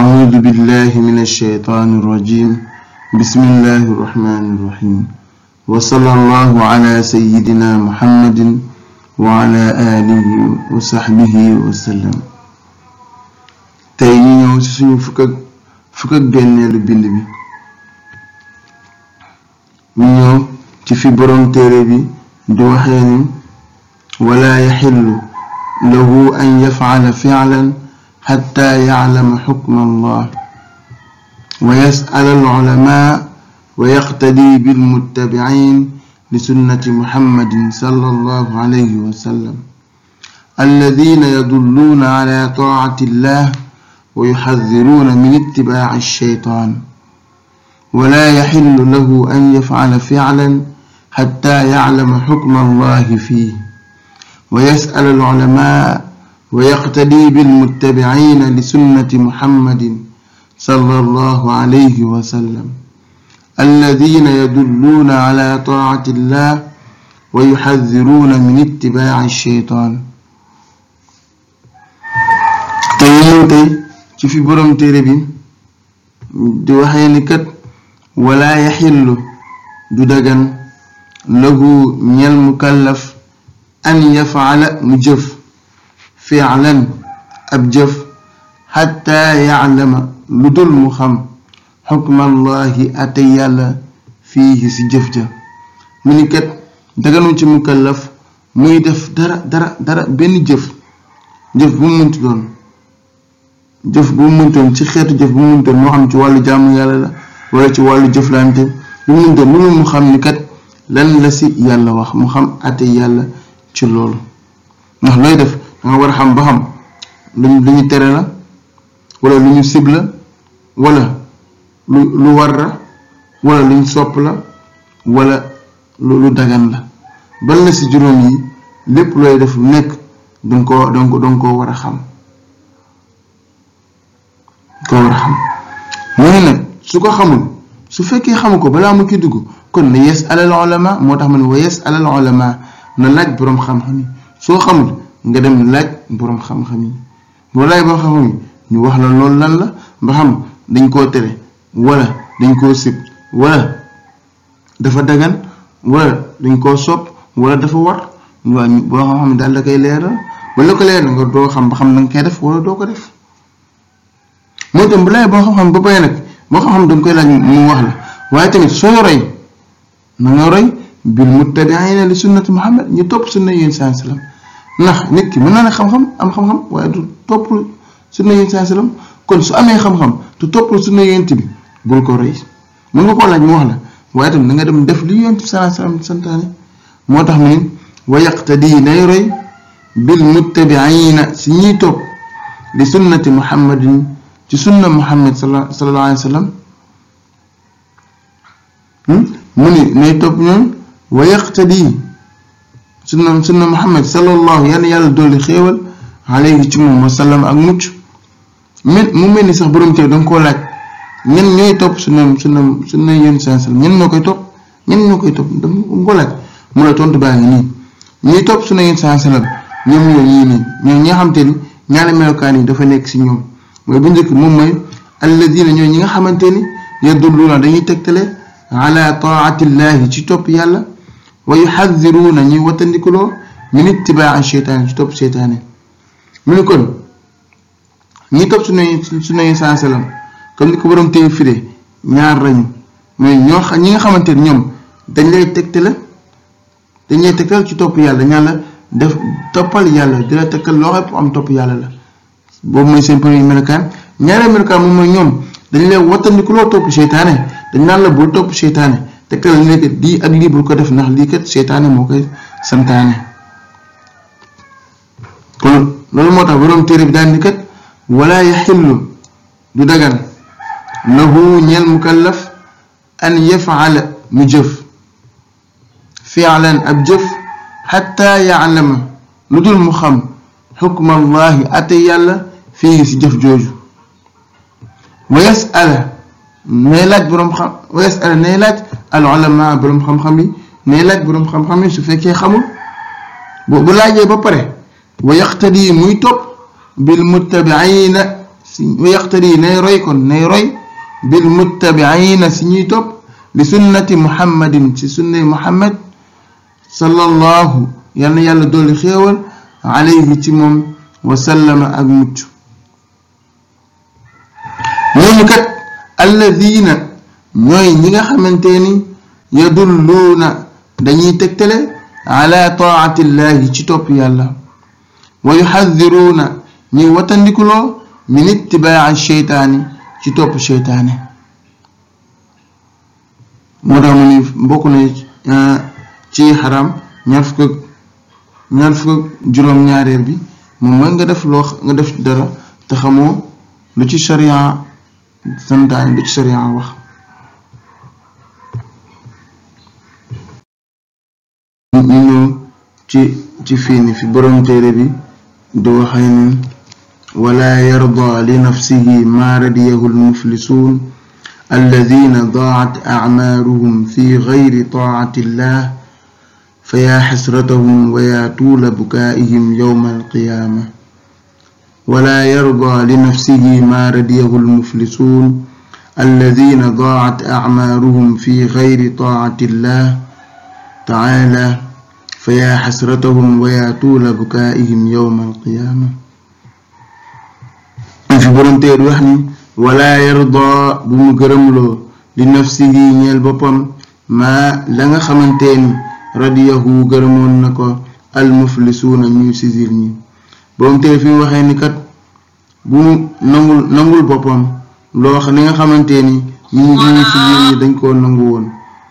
أعوذ بالله من الشيطان الرجيم بسم الله الرحمن الرحيم وصلى الله على سيدنا محمد وعلى آله وصحبه وسلم tey ñu ñëw ci suñu fukk ak fukk ak benneelu bind bi ñu ñëw ci fi boroom téere bi di waxee ni wala yaxillu lahu an yafcala ficlan حتى يعلم حكم الله ويسأل العلماء ويقتدي بالمتبعين لسنة محمد صلى الله عليه وسلم الذين يدلون على طاعة الله ويحذرون من اتباع الشيطان ولا يحل له أن يفعل فعلا حتى يعلم حكم الله فيه ويسأل العلماء ويقتدي بالمتبعين لسنة محمد صلى الله عليه وسلم الذين يدلون على طاعة الله ويحذرون من اتباع الشيطان te ñëw tey ci fi boroom téere bi di waxee ni kat wala yaxillu du dagan lahu ñel mukallaf an yafaala mu jëf fi'lan ab jëf xataa yaalama lu dul mu xam xukmallahi ate yàlla fii si jëf ja mu ni kat daganu ci mukallaf muy def dara dara dara benn jëf jëf bu mu mënti doon jëf bu mu mënti ci xeetu jëf bu mu mënti doon moo xam ci wàllu jàmm yàlla la wala ci wàllu jëflante lu mu mënti doon lu mu xam ni kat lan la ci yàlla wax mu xam ate yàlla ci loolu ndax looy def danga war a xam ba xam lu lu ñu tere la wala lu ñu sib la wala lu lu war la wala lu ñu sopp la wala lu lu dagan la bal na si juróom yi lépp looy def lu nekk danga koo danga ko war a xam koo war a xam mu ne nag su ko xamul su fekkee xamu ko balaa mu ki dugg kon na yes alal ulama moo tax ma ne wa yes alal ulama na laaj boroom xam soo xamul nga dem laaj boroom xam-xam yi boo laaj boroom xam-xam yi ñu wax la lool lan la ba xam dañ koo tere wala dañ koo sib wala dafa dagan wala dañ koo sob wala dafa war ñu boo xam ne daal da koy leeral wala ko leeral nga doo xam ba xam da nga koy def wala doo ko def mooy tam bu laaj boo xam-xam ba pare nag boo xam-xam da koy laaj mu wax la waaye tamit soo roy na nga roy bil muttabi'ina li sunnati Muhammad ñu topp sunna yéen saa salaam ndax nit ki mën naa ne xam-xam am xam-xam waaye du topp sunna yéen saa kon su amee xam-xam te topp sunna yéent bi bul ko rëy mën nga koo laaj mu wax la waaye itam nga dem def li yéent bi saa salaam moo tax mu ne wa yaqtadi nay roy bil muttabiina si ñiy topp di sunnati muhammadin ci sunna muhammad sallallahu alayhi wa sallam ni hmm? nay topp ñoom wa yaqtadi sunna sunna muhammad sallallahu yal na yàlla dolli xéewal alayhi ci moom wasallam ak mucc mel mu mel ni sax borom tey danga koo laaj ñen ñooy topp sunna sunna sunna yéen sansal ñen ñoo koy topp ñen ñoo koy topp danga ko laaj mu la tontu baa ngi nii ñuy topp sunna yéen sansalam ñoom ñoo ñii nii ñoom ñi nga xamante ni ñaari melokaan yi dafa nekk si ñoom mooy bu njëkk moom mooy alladina ñoo ñi nga xamante ni yadulluuna dañuy tegtale ala taatillahi ci topp yàlla wa yuxadiruuna ñuy wattandikuloo min itibaaxi seytaane ci topp seytaane mu ne kon ñi topp suñuy suñuy sansalam comme ni ko waroon téye fire ñaar lañu mooy ñoo xam ñi nga xamante ne ñoom dañ lay tegtale dañ lay tegtal ci topp yàlla ñaan la def toppal yàlla di la tegtal loo xam am topp yàlla la boobu mooy seen premier melokaan ñaareel melokaan moom mooy ñoom dañ lay wattandikuloo topp seytaane dañ naan la bul topp seytaane te ne que lii bu ko def nax lii kat seytaane moo koy santaane kon loolu moo tax borom téere bi daan ni kat wala yaxillu du dagan lahu ñeel mukallaf an yafaala mu jëf fialan ab jëf xatta yaalama mu xam xukmallahi yàlla fii si jëf jooju wa yasala nay laaj boroom xam wa yasala nay laaj al-ulama borom xam-xam yi mais laaj borom xam-xam yi su fekkee xamul bu bu laajee ba pare wa yaqtadi muy topp bil muttabiina si wa yaqtadi nay roy kon nay roy bil muttabiina si ñuy topp li sunnati muhammadin si sunnay muhammad sallallahu yal na yàlla dolli xéewal alayhi ci moom wa sallama ak mucc ñooñu kat alladina ñooy ñi nga xamante ni na dañuy tegtale ala taatillahi ci topp yàlla wa na ñuy watandikuloo min itibaaci sheytaani ci topp sheytaane moo tax ni bokk na ci xaram ñaar fukk ñaar fukk juróom-ñaareel bi moom mooy nga def loo nga def dara te xamoo lu ci sharia santaan lu ci sharia wax ci ci fiini fi borom téere bi di waxee ne wala yarda li nafsihi ma radiyahu lmuflisuun alladina daat acmaaruhum fi gayri taacati illah fa yaa xasratahum wa yaa tuula bukaa'ihim yowma alqiyaama wala yarda li nafsihi ma radiyahu lmuflisuun alladina daat acmaaruhum fi gayri taacati illah tacaala fa yaa xasratahum fi borom téere wax ni wala yarda bu mu gërëmloo li nafsihi ñeel boppam maa la nga xamante ni gërëmoon na ko almuflisuuna ñuy sisir ñi borom téere fi mu waxee ni kat bu nangul nangul boppam loo xam li nga xamante ni ñu ñuy sisir ñi dañ koo nangu woon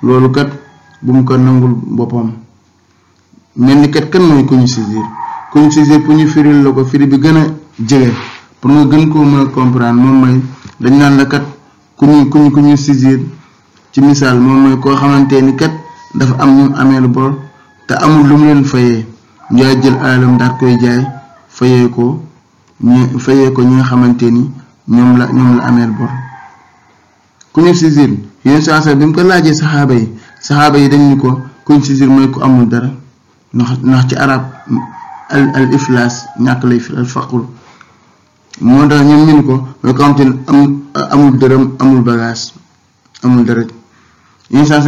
loolu kat bu mu ko nangul boppam mel ni kat kan mooy ko ñu saisir ko ñu saisir pour ñu firil la ko firi bi gën a jege pour nga gën koo mën a comprendre moom mooy dañ naan la kat ku ñu ku ñu ku ci misaal moom mooy koo xamante ni kat dafa am ñu amee te amul lu mu leen jël alalam daal koy jaay fayee ko ñu fayee ko ñi nga xamante ni ñoom la ñoom la amee bor ku ñu saisir yenn saa bi mu ko laajee saxaaba yi saxaaba yi dañ ko ku ñu saisir mooy ku amul dara. ndax ndax ci arab al al iflaas ñàkk lay fi al faqr moo tax ñoom ñun ko mooy ko xam te amul dërëm amul bagage amul dara yenn saa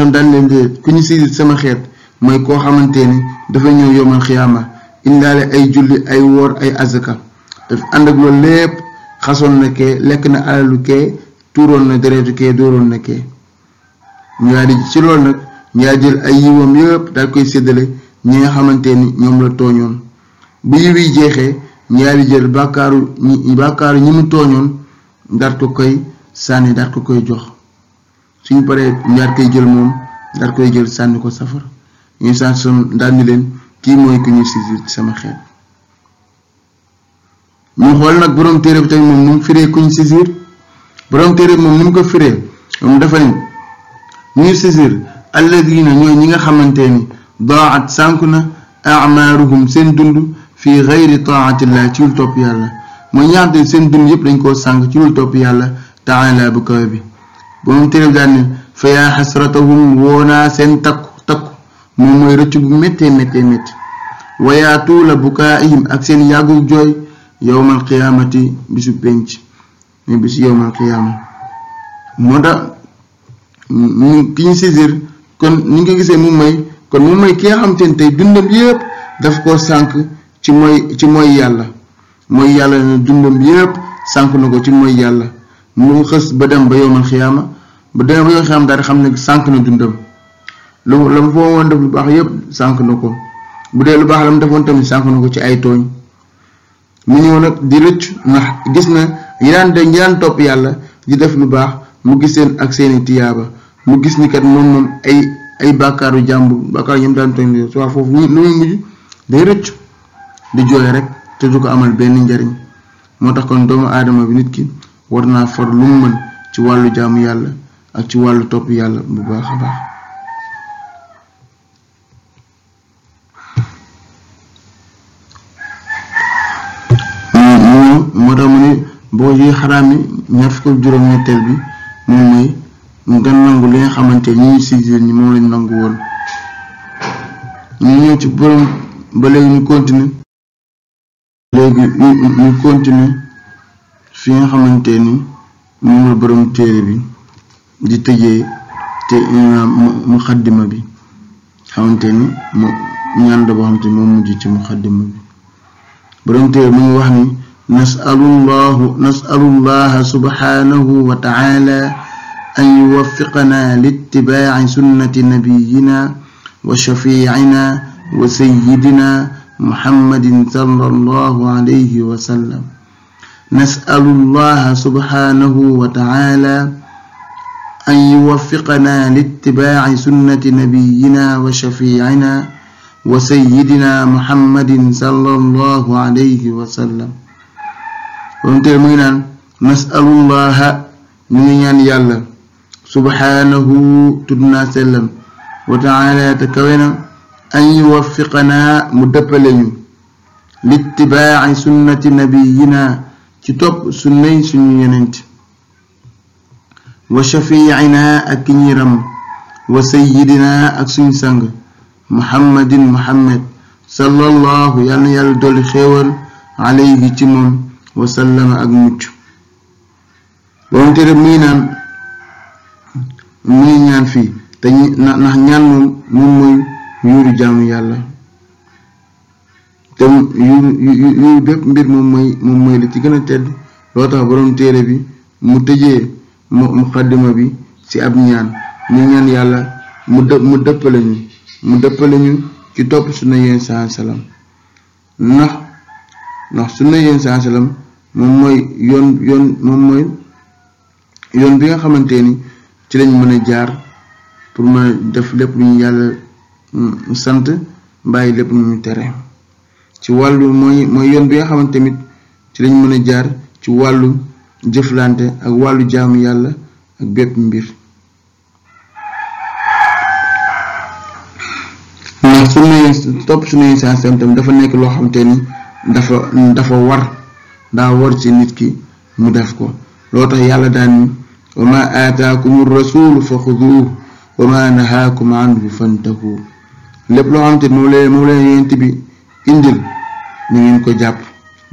ku ñu sama xeet mooy koo xamante ni dafa ñëw yomal xiyaama indaale ay julli ay woor ay azaka daf ànd ak loolu lépp xasoon na kee lekk na alalu kee tuuroon na deretu kee dóoroon na kee ñu daal ci lool nag ñu daal jël ay yiwam yëpp daal koy séddale ñi nga xamante ni ñoom la tooñoon bu yiwi jeexee ñaari jël bàkkaaru ñi bàkkaaru mu tooñoon daat ko koy sànni daat ko koy jox su ñu paree ñaar koy jël moom daat koy jël sànni ko safara ñu sànni son daal ni leen kii mooy ku ñu siisi sama xeet ñu xool nag boroom téere bi tamit moom nu mu firee ku ñu saisir boroom téere bi moom ni mu ko firee moom dafa ni ñu saisir alladina ñooy ñi nga xamante ni daacat sànku na amaaruhum seen dund fii gayri taatillah ci lul topp yàlla mooy ñaante seen dund yépp dañ koo sànk ci lul topp yàlla taala bu kawe bi bomoom téréb daan ne fa yaa woonaa seen takku takku moom mooy rëcc bu méttee méttee métti wayaa tuula bukaa'ihim ak seen yàggu jooy yowmal qiyaamati bisu penc mais bisu yowmal qiyaama moo tax ki ñu saisir kon ni nga gisee mu mooy kon moom mooy ki nga xam te ne tey dundam yépp daf koo sànq ci mooy ci mooy yàlla mooy yàlla ne dundam yépp sànq na ko ci mooy yàlla mu xës ba dem ba yowmal xiyaama ba demee ba yow xiyaama daal xam ne sànq na dundam lu la mu woon def baax yépp sànq na ko bu dee lu baax la defoon tamit sànq ko ci ay tooñ mu ñëw nag di rëcc ndax gis na ñi daan topp yàlla di def lu baax mu gis seen ak seeni tiyaaba mu gis ni kat moom moom ay ay bàkkaaru jàmbur bàkkaaru ñoom daan tooñ su waa foofu ñu muy mujj day rëccu di jooy rek te du ko amal benn njariñ moo tax kon doomu aadama bi nit ki war naa far lu mu mën ci wàllu jaamu yàlla ak ci wàllu topp yàlla bu baax a baax moo tax mu ne boo ji xaraam yi ñaar fukk juróom-ñetteel bi moom mooy mu gën nangu li nga xamante ni si jigéen ñi moom lañ nangu woon ñu ñëw ci borom ba léegi ñu continuer léegi ñu continuer fi nga xamante ni moom la borom téere bi di tëjee te muxaddima bi xamante ni mu ñaan da boo xamante ni moom mujj ci muxaddima bi borom téere mu ngi wax ni nasalullahu nasalullaha subhanahu wa taala أن يوفقنا لاتباع سنة نبينا وشفيعنا وسيدنا محمد صلى الله عليه وسلم نسأل الله سبحانه وتعالى أن يوفقنا لاتباع سنة نبينا وشفيعنا وسيدنا محمد صلى الله عليه وسلم وانت مينان نسأل الله من يان يالله subhaanahu tudd na sellam wa taala te kawe na an yuwaffiqanaa mu dëppale ñu littibaaci sunnati nabiyina ci topp sunnay suñu yenent wa shafiicinaa ak ki ñuy ram wa sayidinaa ak suñu sang muhammadin muhammad sallallahu yal na yàlla dolli xéewal alayhi ci moom wa sallama ak mucc boom tere muy naan mu ngi ñaan fii te ndax ñaan moom mooy yuuru jaamu yàlla te yu bépp mbir moom mooy moom mooy li ci gën a tedd loo tax borom téere bi mu tëjee mu muqaddima bi ci ab ñaan ñu ñaan yàlla mu dë mu dëppale ñu mu dëppale ñu ci topp sunna yéen saa salaam ndax ndax sunna yéen saa salaam moom mooy yoon yoon moom mooy yoon bi nga xamante ni. ci lañ mën a jaar pour mën def lépp lu ñu yàlla mm, sant bàyyi lépp lu ñu tere ci wàllu mooy mooy yoon bi nga xamante tamit ci lañ mën a jaar ci wàllu jëflante ak wàllu jaamu yàlla ak bépp mbir ndax suñu topp suñuy sensem tam dafa nekk loo xamante ni dafa dafa war daa war ci nit ki mu def ko loo tax yàlla daan wa ma aataakum rasulu fa xuduuhu wa ma nahaakum anhu fantahu lépp loo xamante ni moom leen moom leen bi indil ni ngeen ko jàpp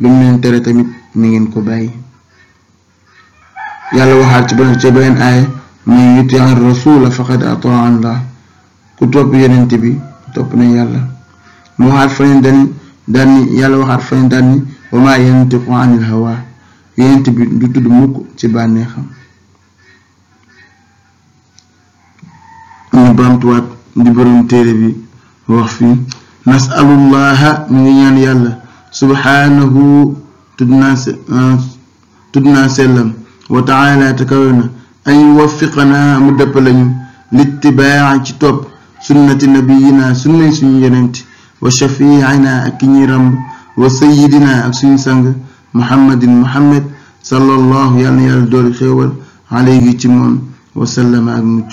lu mu leen tere tamit ni ngeen ko bàyyi yàlla waxaat ci beneen ci beneen aaya man yuti ar rasula faqad ataa Allah ku topp yonent bi topp na yàlla mu waxaat faneen dani daan yàlla waxaat faneen daan ni wa ma yantiqu anil hawa yonent bi du tudd mukk ci bànneexam ñu baamtuwaat di borom téere bi wax fii nasalullaha mi ngi ñaan yàlla subhaanahu tudd naa ah, tudd naa sellam wa taala te kawe na ay wafiqanaa mu dëppale ñu littibaa ci topp sunnati nabiyina sunnay suñu yonent wa shafiina ak ki ñuy ràmb wa sayidina ak suñu sang muhammadin muhammad sallallahu yàlla na yàlla doori xéewal alayhi ak mucc